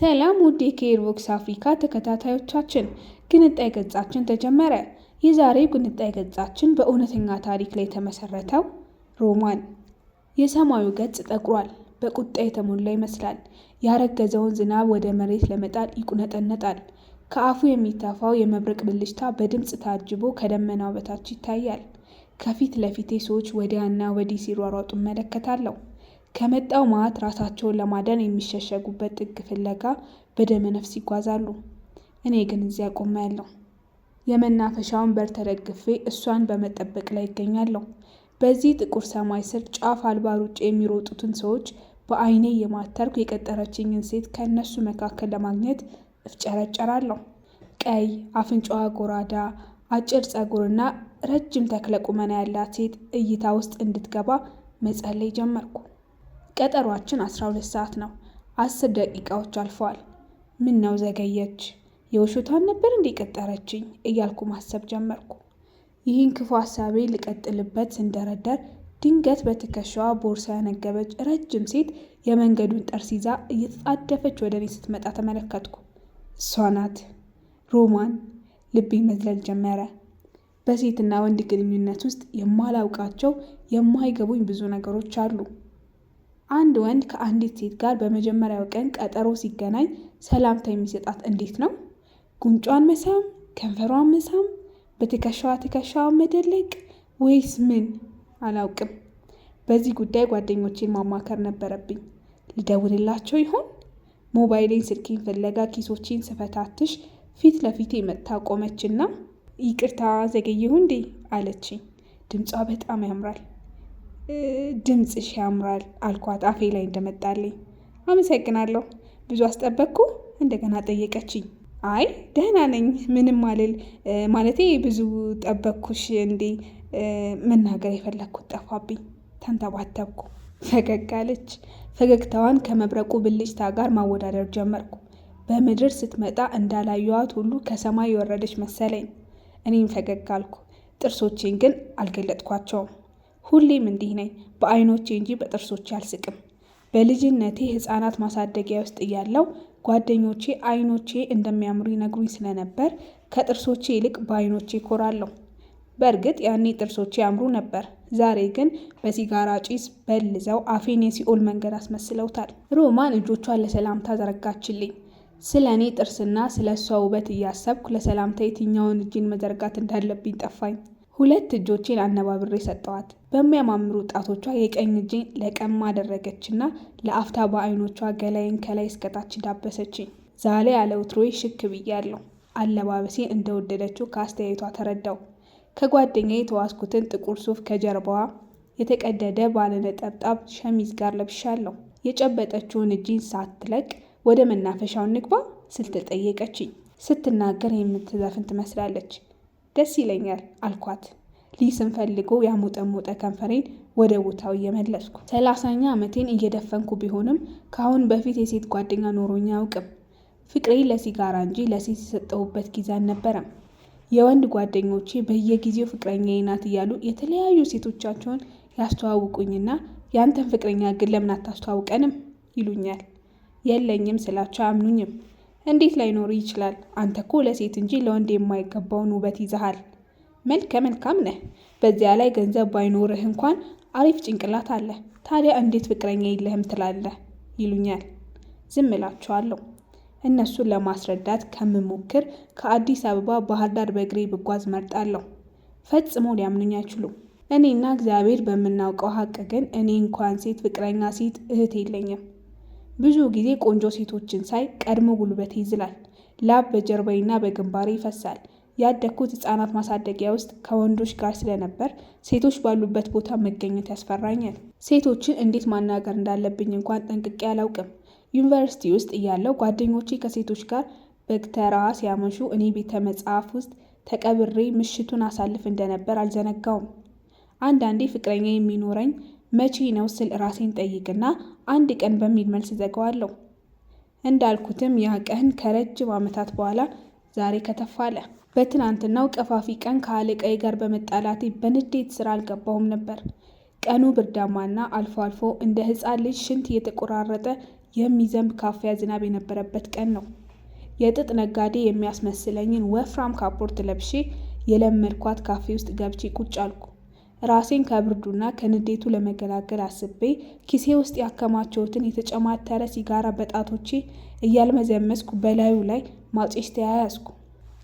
ሰላም ውድ የኬርቦክስ አፍሪካ ተከታታዮቻችን፣ ግንጣይ ገጻችን ተጀመረ። የዛሬው ግንጣይ ገጻችን በእውነተኛ ታሪክ ላይ የተመሰረተው ሮማን። የሰማዩ ገጽ ጠቁሯል፣ በቁጣ የተሞላ ይመስላል። ያረገዘውን ዝናብ ወደ መሬት ለመጣል ይቁነጠነጣል። ከአፉ የሚተፋው የመብረቅ ብልጭታ በድምፅ ታጅቦ ከደመናው በታች ይታያል። ከፊት ለፊቴ ሰዎች ወዲያና ወዲህ ሲሯሯጡ እመለከታለሁ። ከመጣው መዓት ራሳቸውን ለማዳን የሚሸሸጉበት ጥግ ፍለጋ በደመ ነፍስ ይጓዛሉ። እኔ ግን እዚያ ቆሜያለሁ። የመናፈሻውን በር ተደግፌ እሷን በመጠበቅ ላይ ይገኛለሁ። በዚህ ጥቁር ሰማይ ስር ጫፍ አልባ ሩጬ የሚሮጡትን ሰዎች በዓይኔ የማተርኩ የቀጠረችኝን ሴት ከእነሱ መካከል ለማግኘት እፍጨረጨራለሁ። ቀይ አፍንጫዋ ጎራዳ፣ አጭር ጸጉርና ረጅም ተክለ ቁመና ያላት ሴት እይታ ውስጥ እንድትገባ መጸለይ ጀመርኩ። ቀጠሯችን 12 ሰዓት ነው። አስር ደቂቃዎች አልፈዋል። ምን ነው ዘገየች? የውሾታን ነበር እንዲቀጠረችኝ እያልኩ ማሰብ ጀመርኩ። ይህን ክፉ ሀሳቤ ልቀጥልበት ስንደረደር ድንገት በትከሻዋ ቦርሳ ያነገበች ረጅም ሴት የመንገዱን ጠርስ ይዛ እየተጣደፈች ወደ እኔ ስትመጣ ተመለከትኩ። እሷ ናት ሮማን። ልቤ መዝለል ጀመረ። በሴትና ወንድ ግንኙነት ውስጥ የማላውቃቸው የማይገቡኝ ብዙ ነገሮች አሉ። አንድ ወንድ ከአንዲት ሴት ጋር በመጀመሪያው ቀን ቀጠሮ ሲገናኝ ሰላምታ የሚሰጣት እንዴት ነው? ጉንጯን መሳም፣ ከንፈሯን መሳም፣ በትከሻዋ ትከሻዋ መደለቅ ወይስ ምን? አላውቅም። በዚህ ጉዳይ ጓደኞቼን ማማከር ነበረብኝ። ልደውልላቸው ይሆን? ሞባይሌን ስልኬን ፍለጋ ኪሶቼን ስፈታትሽ ፊት ለፊቴ መጥታ ቆመችና ይቅርታ ዘገየሁ እንዴ አለችኝ። ድምጿ በጣም ያምራል። ድምፅሽ ያምራል አልኳት አፌ ላይ እንደመጣልኝ። አመሰግናለሁ ብዙ አስጠበቅኩ? እንደገና ጠየቀችኝ። አይ ደህና ነኝ ምንም አልል ማለቴ ብዙ ጠበቅኩሽ እንዴ መናገር የፈለግኩት ጠፋብኝ። ተንተባተብኩ። ፈገግ አለች። ፈገግታዋን ከመብረቁ ብልጭታ ጋር ማወዳደር ጀመርኩ። በምድር ስትመጣ እንዳላየዋት ሁሉ ከሰማይ የወረደች መሰለኝ። እኔም ፈገግ አልኩ። ጥርሶቼን ግን አልገለጥኳቸውም። ሁሌም እንዲህ ነኝ፣ በአይኖቼ እንጂ በጥርሶቼ አልስቅም። በልጅነቴ ህፃናት ማሳደጊያ ውስጥ እያለው ጓደኞቼ አይኖቼ እንደሚያምሩ ይነግሩኝ ስለነበር ከጥርሶቼ ይልቅ በአይኖቼ ኮራለሁ። በእርግጥ ያኔ ጥርሶቼ ያምሩ ነበር። ዛሬ ግን በሲጋራ ጭስ በልዘው አፌን የሲኦል መንገድ አስመስለውታል። ሮማን እጆቿን ለሰላምታ ዘረጋችልኝ። ስለ እኔ ጥርስና ስለ እሷ ውበት እያሰብኩ ለሰላምታ የትኛውን እጅን መዘርጋት እንዳለብኝ ጠፋኝ። ሁለት እጆቼን አነባብሬ ሰጠዋት። በሚያማምሩ ጣቶቿ የቀኝ እጄን ለቀማ አደረገችና ለአፍታ በዓይኖቿ ገላይን ከላይ እስከታች ዳበሰችኝ። ዛሬ ያለ ውትሮዬ ሽክ ብያለሁ። አለባበሴን እንደወደደችው ከአስተያየቷ ተረዳው። ከጓደኛ የተዋስኩትን ጥቁር ሱፍ ከጀርባዋ የተቀደደ ባለነጠብጣብ ሸሚዝ ጋር ለብሻለሁ። የጨበጠችውን እጅን ሳትለቅ ወደ መናፈሻው ንግባ ስትል ጠየቀችኝ። ስትናገር የምትዘፍን ትመስላለች። ደስ ይለኛል አልኳት። ሊስም ፈልጎ ያሞጠሞጠ ከንፈሬን ወደ ቦታው እየመለስኩ ሰላሳኛ ዓመቴን እየደፈንኩ ቢሆንም ከአሁን በፊት የሴት ጓደኛ ኖሮኝ አያውቅም። ፍቅሬ ለሲጋራ እንጂ ለሴት የሰጠሁበት ጊዜ አልነበረም። የወንድ ጓደኞቼ በየጊዜው ፍቅረኛዬ ናት እያሉ የተለያዩ ሴቶቻቸውን ያስተዋውቁኝና ያንተን ፍቅረኛ ግን ለምን አታስተዋውቀንም ይሉኛል። የለኝም ስላቸው አያምኑኝም። እንዴት ላይኖር ይችላል? አንተ እኮ ለሴት እንጂ ለወንድ የማይገባውን ውበት ይዘሃል። መልከ መልካም ነህ። በዚያ ላይ ገንዘብ ባይኖርህ እንኳን አሪፍ ጭንቅላት አለ። ታዲያ እንዴት ፍቅረኛ የለህም ትላለህ? ይሉኛል። ዝም እላችኋለሁ። እነሱን ለማስረዳት ከምሞክር ከአዲስ አበባ ባህር ዳር በእግሬ ብጓዝ መርጣለሁ። ፈጽሞ ሊያምኑኝ አይችሉም። እኔና እግዚአብሔር በምናውቀው ሀቅ ግን እኔ እንኳን ሴት ፍቅረኛ ሴት እህት የለኝም። ብዙ ጊዜ ቆንጆ ሴቶችን ሳይ ቀድሞ ጉልበት ይዝላል። ላብ በጀርባዬና በግንባሬ ይፈሳል። ያደግኩት ህጻናት ማሳደጊያ ውስጥ ከወንዶች ጋር ስለነበር ሴቶች ባሉበት ቦታ መገኘት ያስፈራኛል። ሴቶችን እንዴት ማናገር እንዳለብኝ እንኳን ጠንቅቄ አላውቅም። ዩኒቨርሲቲ ውስጥ እያለው ጓደኞቼ ከሴቶች ጋር በግተራ ሲያመሹ እኔ ቤተ መጽሐፍ ውስጥ ተቀብሬ ምሽቱን አሳልፍ እንደነበር አልዘነጋውም። አንዳንዴ ፍቅረኛ የሚኖረኝ መቼ ነው ስል ራሴን ጠይቅና አንድ ቀን በሚል መልስ ዘገዋለሁ። እንዳልኩትም ያ ቀን ከረጅም ዓመታት በኋላ ዛሬ ከተፋለ። አለ። በትናንትናው ቀፋፊ ቀን ከአለቃዬ ጋር በመጣላቴ በንዴት ስራ አልገባሁም ነበር። ቀኑ ብርዳማና አልፎ አልፎ እንደ ሕፃን ልጅ ሽንት እየተቆራረጠ የሚዘንብ ካፊያ ዝናብ የነበረበት ቀን ነው። የጥጥ ነጋዴ የሚያስመስለኝን ወፍራም ካፖርት ለብሼ የለመድኳት ካፌ ውስጥ ገብቼ ቁጭ አልኩ። ራሴን ከብርዱና ከንዴቱ ለመገላገል አስቤ ኪሴ ውስጥ ያከማቸውትን የተጨማተረ ሲጋራ በጣቶቼ እያልመዘመስኩ በላዩ ላይ ማጬስ ተያያዝኩ።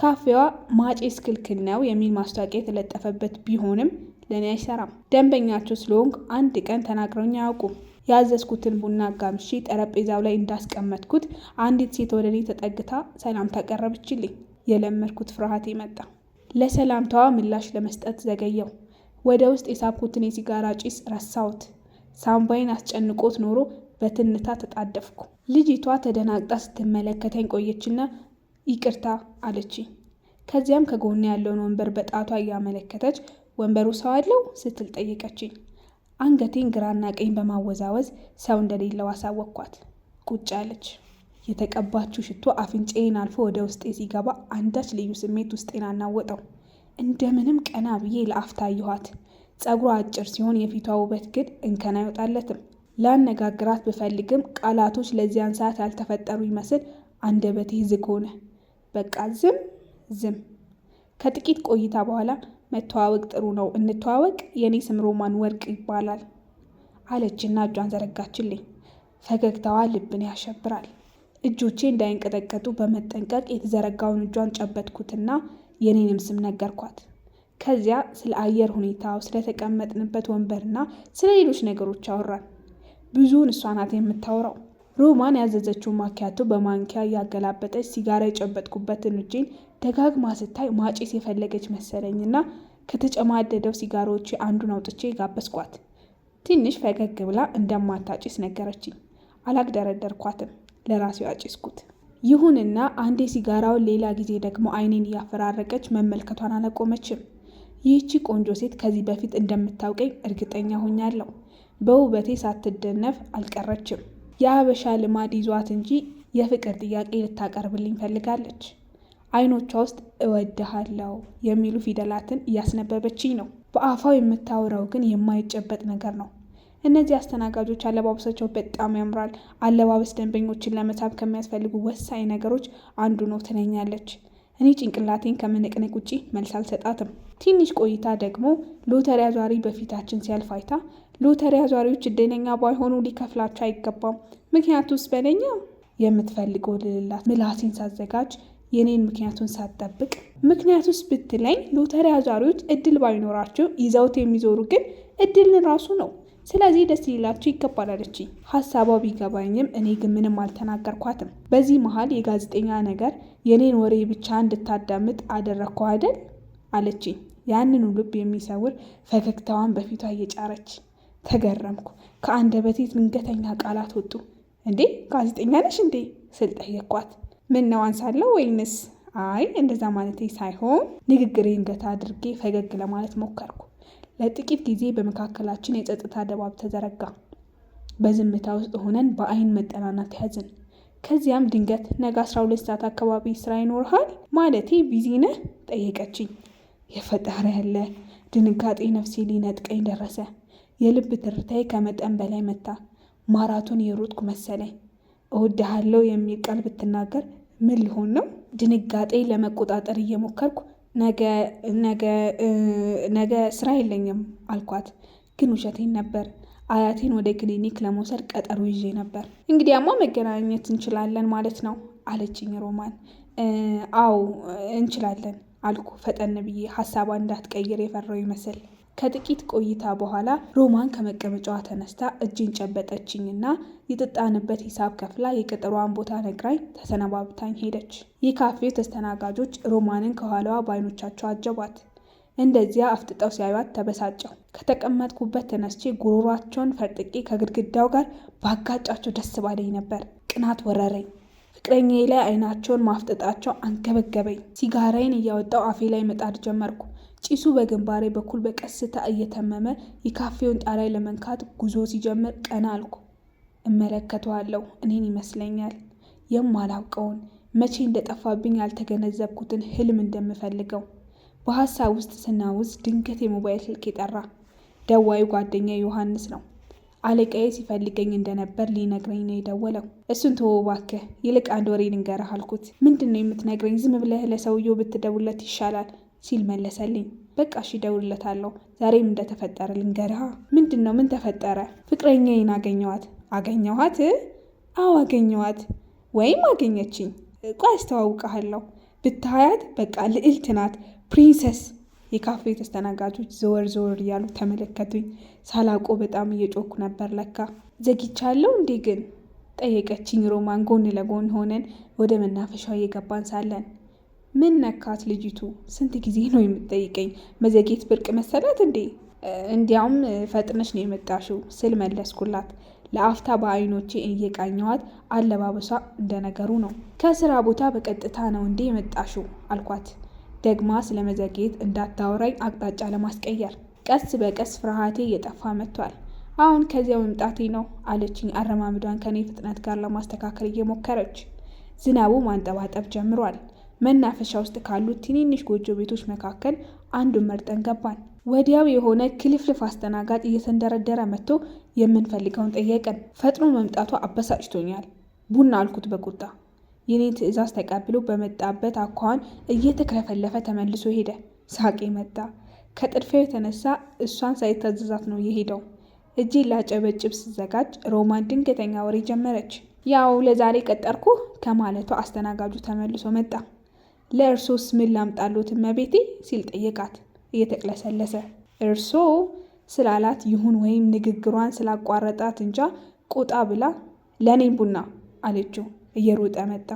ካፌዋ ማጬስ ክልክል ነው የሚል ማስታወቂያ የተለጠፈበት ቢሆንም ለእኔ አይሰራም። ደንበኛቸው ስለሆንኩ አንድ ቀን ተናግረውኝ አያውቁም። ያዘዝኩትን ቡና አጋምሼ ጠረጴዛው ላይ እንዳስቀመጥኩት አንዲት ሴት ወደ እኔ ተጠግታ ሰላምታ ቀረበችልኝ። የለመድኩት ፍርሃት መጣ። ለሰላምታዋ ምላሽ ለመስጠት ዘገየው። ወደ ውስጥ የሳብኩትን የሲጋራ ጭስ ረሳሁት። ሳምባይን አስጨንቆት ኖሮ በትንታ ተጣደፍኩ። ልጅቷ ተደናግጣ ስትመለከተኝ ቆየችና ይቅርታ አለች። ከዚያም ከጎን ያለውን ወንበር በጣቷ እያመለከተች ወንበሩ ሰው አለው ስትል ጠየቀችኝ። አንገቴን ግራና ቀኝ በማወዛወዝ ሰው እንደሌለው አሳወቅኳት። ቁጭ አለች። የተቀባችው ሽቶ አፍንጫዬን አልፎ ወደ ውስጤ ሲገባ አንዳች ልዩ ስሜት ውስጤን አናወጠው። እንደምንም ቀና ብዬ ለአፍታ አየኋት። ጸጉሯ አጭር ሲሆን የፊቷ ውበት ግን እንከን አይወጣለትም። ላነጋግራት ብፈልግም ቃላቶች ለዚያን ሰዓት ያልተፈጠሩ ይመስል አንደበቴ ዝግ ሆነ። በቃ ዝም ዝም። ከጥቂት ቆይታ በኋላ መተዋወቅ ጥሩ ነው፣ እንተዋወቅ፣ የእኔ ስም ሮማን ወርቅ ይባላል አለችና እጇን ዘረጋችልኝ። ፈገግታዋ ልብን ያሸብራል። እጆቼ እንዳይንቀጠቀጡ በመጠንቀቅ የተዘረጋውን እጇን ጨበጥኩትና የኔንም ስም ነገርኳት። ከዚያ ስለ አየር ሁኔታው፣ ስለተቀመጥንበት ወንበርና ስለ ሌሎች ነገሮች አወራን። ብዙውን እሷ ናት የምታወራው። ሮማን ያዘዘችውን ማኪያቶ በማንኪያ እያገላበጠች ሲጋራ የጨበጥኩበትን እጄን ደጋግማ ስታይ ማጭስ የፈለገች መሰለኝና ከተጨማደደው ሲጋሮች አንዱን አውጥቼ ጋበዝኳት። ትንሽ ፈገግ ብላ እንደማታጭስ ነገረችኝ። አላግደረደርኳትም። ለራሴው አጭስኩት። ይሁንና አንዴ ሲጋራውን ሌላ ጊዜ ደግሞ አይኔን እያፈራረቀች መመልከቷን አላቆመችም። ይህቺ ቆንጆ ሴት ከዚህ በፊት እንደምታውቀኝ እርግጠኛ ሆኛለሁ። በውበቴ ሳትደነፍ አልቀረችም። የአበሻ ልማድ ይዟት እንጂ የፍቅር ጥያቄ ልታቀርብልኝ ፈልጋለች። አይኖቿ ውስጥ እወድሃለሁ የሚሉ ፊደላትን እያስነበበችኝ ነው። በአፋው የምታወራው ግን የማይጨበጥ ነገር ነው። እነዚህ አስተናጋጆች አለባበሳቸው በጣም ያምራል። አለባበስ ደንበኞችን ለመሳብ ከሚያስፈልጉ ወሳኝ ነገሮች አንዱ ነው ትለኛለች። እኔ ጭንቅላቴን ከመነቅነቅ ውጪ መልስ አልሰጣትም። ትንሽ ቆይታ ደግሞ ሎተሪ አዟሪ በፊታችን ሲያልፍ አይታ ሎተሪ አዟሪዎች እድለኛ ባይሆኑ ሊከፍላቸው አይገባም፣ ውስጥ በለኛ የምትፈልገው ልልላት ምላሴን ሳዘጋጅ የኔን ምክንያቱን ሳትጠብቅ ውስጥ ብትለኝ ሎተሪ አዟሪዎች እድል ባይኖራቸው ይዘውት የሚዞሩ ግን እድልን ራሱ ነው ስለዚህ ደስ ሊላቸው ይገባል አለችኝ። ሀሳቧ ቢገባኝም እኔ ግን ምንም አልተናገርኳትም። በዚህ መሀል የጋዜጠኛ ነገር የኔን ወሬ ብቻ እንድታዳምጥ አደረግኩ አይደል አለችኝ። ያንኑ ልብ የሚሰውር ፈገግታዋን በፊቷ እየጫረች ተገረምኩ። ከአንደበቴ ድንገተኛ ቃላት ወጡ። እንዴ ጋዜጠኛ ነሽ እንዴ ስል ጠየቅኳት። ምን ነው አንሳለሁ ወይንስ? አይ እንደዛ ማለቴ ሳይሆን ንግግሬን ገታ አድርጌ ፈገግ ለማለት ሞከርኩ። ለጥቂት ጊዜ በመካከላችን የጸጥታ ድባብ ተዘረጋ። በዝምታ ውስጥ ሆነን በአይን መጠናናት ያዝን። ከዚያም ድንገት ነገ 12 ሰዓት አካባቢ ስራ ይኖርሃል? ማለቴ ቢዚ ነህ? ጠየቀችኝ። የፈጠረ ያለ ድንጋጤ ነፍሴ ሊነጥቀኝ ደረሰ። የልብ ትርታዬ ከመጠን በላይ መታ። ማራቶን የሮጥኩ መሰለኝ። እወድሃለሁ የሚል ቃል ብትናገር ምን ሊሆን ነው? ድንጋጤ ለመቆጣጠር እየሞከርኩ ነገ ነገ ነገ ስራ የለኝም አልኳት፣ ግን ውሸቴን ነበር። አያቴን ወደ ክሊኒክ ለመውሰድ ቀጠሮ ይዤ ነበር። እንግዲያማ መገናኘት እንችላለን ማለት ነው አለችኝ ሮማን። አዎ እንችላለን አልኩ ፈጠን ብዬ፣ ሀሳቧ እንዳትቀይር የፈራው ይመስል ከጥቂት ቆይታ በኋላ ሮማን ከመቀመጫዋ ተነስታ እጅን ጨበጠችኝና የጥጣንበት ሂሳብ ከፍላ የቀጠሯን ቦታ ነግራኝ ተሰነባብታኝ ሄደች። የካፌው ተስተናጋጆች ሮማንን ከኋላዋ በአይኖቻቸው አጀቧት። እንደዚያ አፍጥጠው ሲያዩት ተበሳጨው። ከተቀመጥኩበት ተነስቼ ጉሮሯቸውን ፈርጥቄ ከግድግዳው ጋር ባጋጫቸው ደስ ባለኝ ነበር። ቅናት ወረረኝ። ፍቅረኛዬ ላይ አይናቸውን ማፍጠጣቸው አንገበገበኝ። ሲጋራዬን እያወጣው አፌ ላይ መጣድ ጀመርኩ። ጭሱ በግንባሬ በኩል በቀስታ እየተመመ የካፌውን ጣሪያ ለመንካት ጉዞ ሲጀምር ቀና አልኩ። እመለከተዋለሁ። እኔን ይመስለኛል የማላውቀውን መቼ እንደጠፋብኝ ያልተገነዘብኩትን ህልም እንደምፈልገው በሀሳብ ውስጥ ስናውዝ ድንገት የሞባይል ስልክ የጠራ ደዋዩ ጓደኛ ዮሐንስ ነው። አለቃዬ ሲፈልገኝ እንደነበር ሊነግረኝ ነው የደወለው። እሱን ተወው እባክህ፣ ይልቅ አንድ ወሬ ልንገርህ አልኩት። ምንድን ነው የምትነግረኝ? ዝም ብለህ ለሰውየው ብትደውለት ይሻላል። ሲል መለሰልኝ። በቃ እሺ እደውልለታለሁ። ዛሬም እንደተፈጠረ ልንገርህ። ምንድን ነው? ምን ተፈጠረ? ፍቅረኛዬን አገኘኋት። አገኘኋት? አዎ አገኘኋት፣ ወይም አገኘችኝ። ቆይ አስተዋውቅሃለሁ። ብታያት በቃ ልዕልት ናት፣ ፕሪንሰስ። የካፌ ተስተናጋጆች ዘወር ዘወር እያሉ ተመለከቱኝ። ሳላቆ በጣም እየጮኩ ነበር። ለካ ዘግቻለሁ እንዴ ግን? ጠየቀችኝ ሮማን። ጎን ለጎን ሆነን ወደ መናፈሻው እየገባን ሳለን ምን ነካት ልጅቱ? ስንት ጊዜ ነው የምትጠይቀኝ? መዘጌት ብርቅ መሰላት እንዴ? እንዲያውም ፈጥነሽ ነው የመጣሽው ስል መለስኩላት። ለአፍታ በአይኖቼ እየቃኘዋት አለባበሷ እንደነገሩ ነው። ከስራ ቦታ በቀጥታ ነው እንዴ የመጣሽው አልኳት። ደግማ ስለ መዘጌት እንዳታወራኝ አቅጣጫ ለማስቀየር ቀስ በቀስ ፍርሃቴ እየጠፋ መጥቷል። አሁን ከዚያ መምጣቴ ነው አለችኝ፣ አረማምዷን ከኔ ፍጥነት ጋር ለማስተካከል እየሞከረች። ዝናቡ ማንጠባጠብ ጀምሯል። መናፈሻ ውስጥ ካሉት ትንንሽ ጎጆ ቤቶች መካከል አንዱን መርጠን ገባን። ወዲያው የሆነ ክልፍልፍ አስተናጋጅ እየተንደረደረ መጥቶ የምንፈልገውን ጠየቀን። ፈጥኖ መምጣቱ አበሳጭቶኛል። ቡና አልኩት በቁጣ። የኔ ትዕዛዝ ተቀብሎ በመጣበት አኳኋን እየተክለፈለፈ ተመልሶ ሄደ። ሳቄ መጣ። ከጥድፊያው የተነሳ እሷን ሳይታዘዛት ነው የሄደው። እጄ ላጨበጭብ ስዘጋጅ ሮማን ድንገተኛ ወሬ ጀመረች። ያው ለዛሬ ቀጠርኩ ከማለቷ አስተናጋጁ ተመልሶ መጣ። ለእርሶስ ምን ላምጣሎት እመቤቴ ሲል ጠየቃት እየተቅለሰለሰ። እርሶ ስላላት ይሁን ወይም ንግግሯን ስላቋረጣት እንጃ ቆጣ ብላ ለእኔም ቡና አለችው። እየሮጠ መጣ።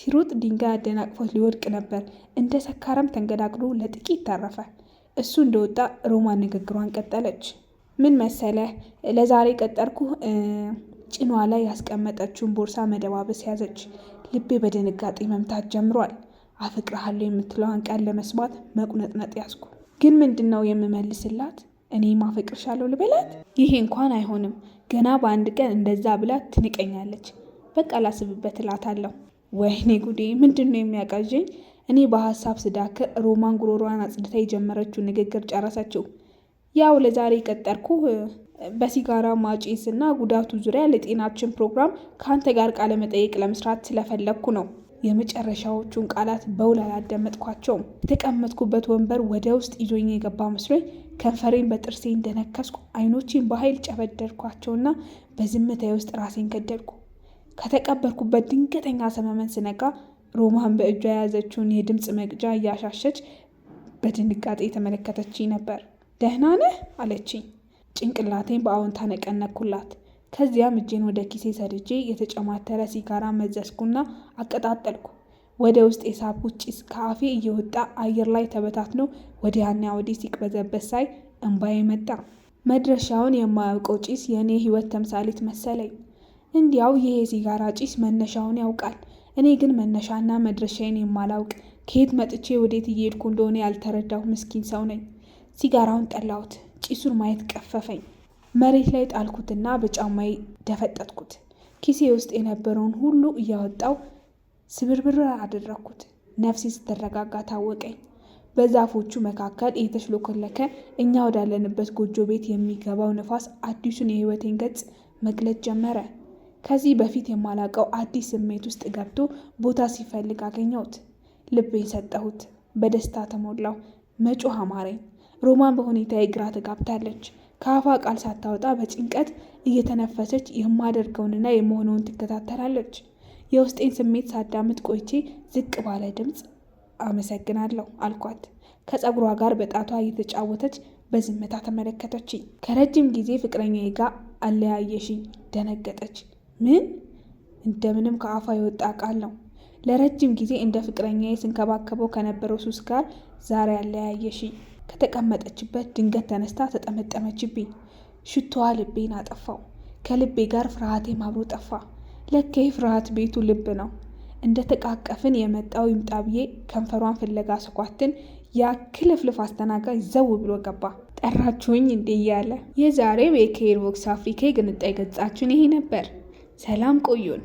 ሲሮጥ ድንጋይ አደናቅፎት ሊወድቅ ነበር። እንደ ሰካረም ተንገዳግሎ ለጥቂት ተረፈ እሱ እንደወጣ ሮማን ንግግሯን ቀጠለች። ምን መሰለ ለዛሬ ቀጠርኩ። ጭኗ ላይ ያስቀመጠችውን ቦርሳ መደባበስ ያዘች። ልቤ በድንጋጤ መምታት ጀምሯል። አፈቅርሃለሁ የምትለዋን ቃል ለመስማት መቁነጥነጥ ያዝኩ። ግን ምንድን ነው የምመልስላት? እኔም አፈቅርሻለሁ ልበላት? ይሄ እንኳን አይሆንም። ገና በአንድ ቀን እንደዛ ብላት ትንቀኛለች። በቃ ላስብበት እላታለሁ። ወይኔ ጉዴ! ምንድን ነው የሚያቃዥኝ? እኔ በሀሳብ ስዳክር ሮማን ጉሮሯን አጽድታ የጀመረችው ንግግር ጨረሰችው። ያው ለዛሬ ቀጠርኩ በሲጋራ እና ጉዳቱ ዙሪያ ለጤናችን ፕሮግራም ከአንተ ጋር ቃለመጠየቅ ለመስራት ስለፈለግኩ ነው። የመጨረሻዎቹን ቃላት በውል አላዳመጥኳቸውም። የተቀመጥኩበት ወንበር ወደ ውስጥ ይዞኝ የገባ መስሎኝ ከንፈሬን በጥርሴ እንደነከስኩ አይኖቼን በኃይል ጨበደርኳቸውና በዝምታዬ ውስጥ ራሴን ገደልኩ። ከተቀበርኩበት ድንገተኛ ሰመመን ስነቃ ሮማን በእጇ የያዘችውን የድምፅ መቅጃ እያሻሸች በድንጋጤ የተመለከተችኝ ነበር። ደህና ነህ አለችኝ። ጭንቅላቴን በአዎንታ ነቀነኩላት። ከዚያም እጄን ወደ ኪሴ ሰድጄ የተጨማተረ ሲጋራ መዘዝኩና አቀጣጠልኩ። ወደ ውስጥ የሳብኩት ጭስ ከአፌ እየወጣ አየር ላይ ተበታትኖ ወዲያና ወዲህ ሲቅበዘበት ሳይ እንባዬ መጣ። መድረሻውን የማያውቀው ጭስ የእኔ ሕይወት ተምሳሌት መሰለኝ። እንዲያው ይህ የሲጋራ ጭስ መነሻውን ያውቃል፣ እኔ ግን መነሻና መድረሻዬን የማላውቅ ከየት መጥቼ ወዴት እየሄድኩ እንደሆነ ያልተረዳሁ ምስኪን ሰው ነኝ። ሲጋራውን ጠላሁት፣ ጭሱን ማየት ቀፈፈኝ። መሬት ላይ ጣልኩትና በጫማዬ ደፈጠጥኩት። ኪሴ ውስጥ የነበረውን ሁሉ እያወጣው ስብርብር አደረግኩት። ነፍሴ ስትረጋጋ ታወቀኝ። በዛፎቹ መካከል እየተሽሎኮለከ እኛ ወዳለንበት ጎጆ ቤት የሚገባው ንፋስ አዲሱን የሕይወቴን ገጽ መግለጽ ጀመረ። ከዚህ በፊት የማላውቀው አዲስ ስሜት ውስጥ ገብቶ ቦታ ሲፈልግ አገኘሁት። ልቤን ሰጠሁት። በደስታ ተሞላው። መጮህ አማረኝ። ሮማን በሁኔታ የግራ ተጋብታለች። ከአፏ ቃል ሳታወጣ በጭንቀት እየተነፈሰች የማደርገውንና የመሆነውን ትከታተላለች። የውስጤን ስሜት ሳዳምጥ ቆይቼ ዝቅ ባለ ድምፅ አመሰግናለሁ አልኳት። ከፀጉሯ ጋር በጣቷ እየተጫወተች በዝምታ ተመለከተችኝ። ከረጅም ጊዜ ፍቅረኛዬ ጋር አለያየሽኝ። ደነገጠች። ምን? እንደምንም ከአፏ የወጣ ቃል ነው። ለረጅም ጊዜ እንደ ፍቅረኛዬ ስንከባከበው ከነበረው ሱስ ጋር ዛሬ አለያየሽኝ። ከተቀመጠችበት ድንገት ተነስታ ተጠመጠመችብኝ። ሽቶዋ ልቤን አጠፋው። ከልቤ ጋር ፍርሃቴ ማብሮ ጠፋ። ለኬ ፍርሃት ቤቱ ልብ ነው። እንደ ተቃቀፍን የመጣው ይምጣ ብዬ ከንፈሯን ፍለጋ ስኳትን ያ ክልፍልፍ አስተናጋጅ ዘው ብሎ ገባ። ጠራችሁኝ እንዴ እያለ። የዛሬው የኬር ቦክስ አፍሪካ ግንጣይ ገጻችን ይሄ ነበር። ሰላም ቆዩን።